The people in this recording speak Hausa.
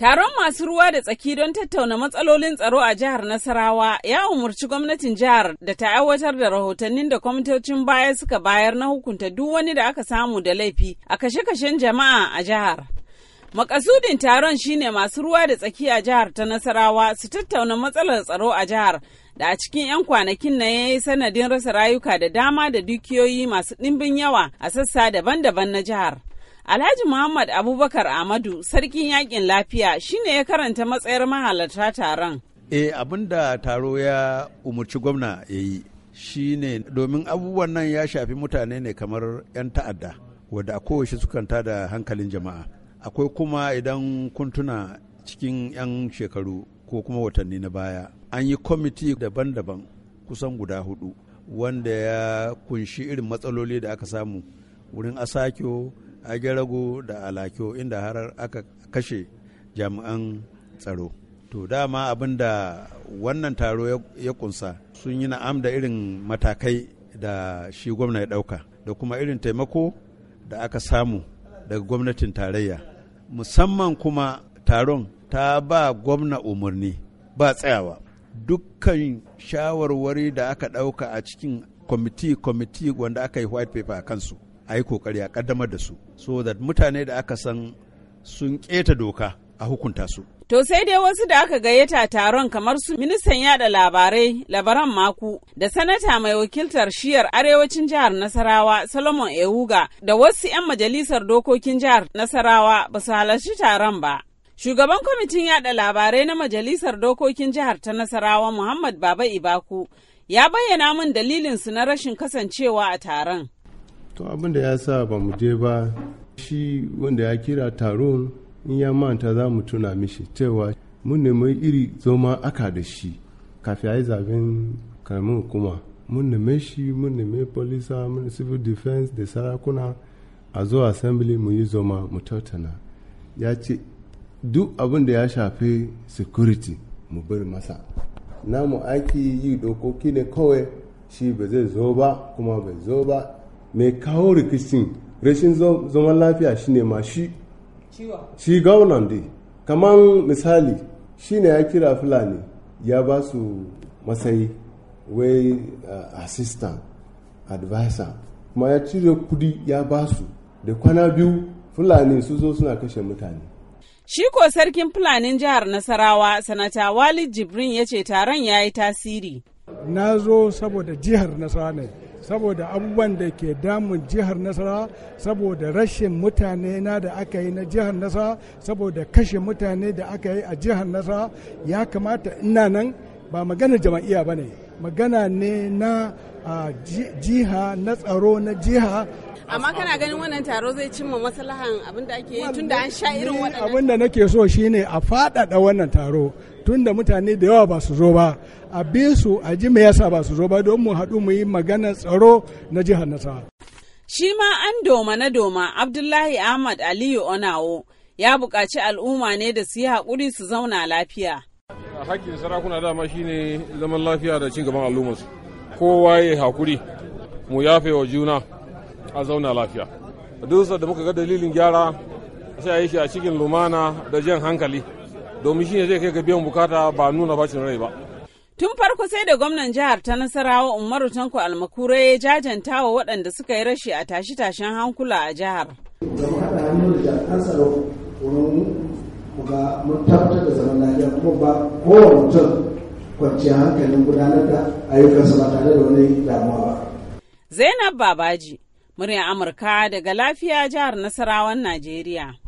Taron masu ruwa da tsaki don tattauna matsalolin tsaro a jihar Nasarawa ya umarci gwamnatin jihar da ta aiwatar da rahotannin da kwamitocin baya suka bayar na hukunta duk wani da aka samu da laifi a kashe-kashen jama'a a jihar. Makasudin taron shine masu ruwa da tsaki a jihar ta Nasarawa su tattauna matsalar tsaro a jihar da a cikin 'yan kwanakin na ya yi sanadin rasa rayuka da dama da dukiyoyi masu ɗimbin yawa a sassa daban-daban na jihar. Alhaji Muhammad Abubakar Amadu sarkin yakin lafiya shine ya karanta matsayar mahalarta taron. E abin da taro ya umarci gwamna ya yi Shi ne domin abubuwan nan ya shafi mutane ne kamar 'yan ta'adda wadda a kowace sukan da hankalin jama'a. Akwai kuma idan kun tuna cikin 'yan shekaru ko kuma watanni na baya an yi kwamiti daban-daban kusan guda hudu wanda ya kunshi irin matsaloli da aka samu wurin asakyo agerago da alakyo inda har aka kashe jami'an tsaro to dama abin da wannan taro ya kunsa sun yi na'am da irin matakai da shi gwamna ya ɗauka da kuma irin taimako da aka samu daga gwamnatin tarayya musamman kuma taron ta ba gwamna umarni ba tsayawa dukkan shawarwari da aka ɗauka a cikin kwamiti kwamiti wanda aka yi white paper a kansu a yi kokari a kaddamar da su so that mutane da aka san sun keta doka a hukunta su To sai dai wasu da aka gayyata taron kamar su ministan yada labarai labaran maku da sanata mai wakiltar shiyar arewacin jihar Nasarawa Solomon Ewuga da wasu 'yan majalisar dokokin jihar Nasarawa ba su halarci taron ba. Shugaban kwamitin yada labarai na majalisar dokokin jihar ta Nasarawa Muhammad Baba Ibaku ya bayyana min su na rashin kasancewa a taron. to abin da ya sa ba mu je ba shi wanda ya kira taro in ya manta za mu tuna mishi cewa mun nemi iri zoma aka da shi kafin a yi zaben karamin hukuma mun neme shi mun neme polisa mun civil defense da sarakuna a zo assembly mu yi zoma mu tautana ya ce duk abin da ya shafi security mu bari masa namu aiki yi dokoki ne kawai shi ba zai zo ba kuma bai zo ba mai kawo rikicin rashin zaman lafiya shine ma shi shi kamar misali shi ne ya kira fulani ya ba su matsayi wai eh, assistant advisor kuma ya cire kudi ya ba su da kwana biyu fulani su zo suna kashe mutane Shi ko sarkin Fulanin jihar Nasarawa, Sanata Walid Jibrin ya ce taron ya yi tasiri. Na zo saboda jihar Nasarawa ne. saboda abubuwan da ke damun jihar nasara saboda rashin mutane na da aka yi na jihar nasara saboda kashe mutane da aka yi a jihar nasara ya kamata ina nan ba magana jama'iyya ba ne magana ne na jiha na tsaro na jiha amma kana ganin wannan taro zai cimma maslahan abin da ake yi tun an sha irin waɗannan abin da nake so shine a faɗaɗa wannan taro tun mutane da yawa ba su zo ba a bi su a ji me yasa ba su zo ba don mu haɗu mu yi maganar tsaro na jihar nasara shi ma an doma na doma abdullahi ahmad aliyu onawo ya buƙaci al'umma ne da su yi haƙuri su zauna lafiya hakkin sarakuna dama shine zaman lafiya da cin gaban al'ummarsu kowa ya hakuri mu yafe wa juna a zauna lafiya duk da muka ga dalilin gyara sai a yi shi a cikin lumana da jan hankali domin shine zai kai ga biyan bukata ba nuna bacin rai ba Tun farko sai da gwamnan jihar ta Nasarawa Umaru Tanko Almakure ya jajanta wa waɗanda suka yi rashi a tashi-tashen hankula a jihar. hannun da kuga mun tabbatar da zaman lafiya kuma ba kowa mutum kwanciya hankalin gudanar da ayyukansa ba tare da wani damuwa ba. Zainab Babaji, murya Amurka daga lafiya jihar Nasarawan Najeriya.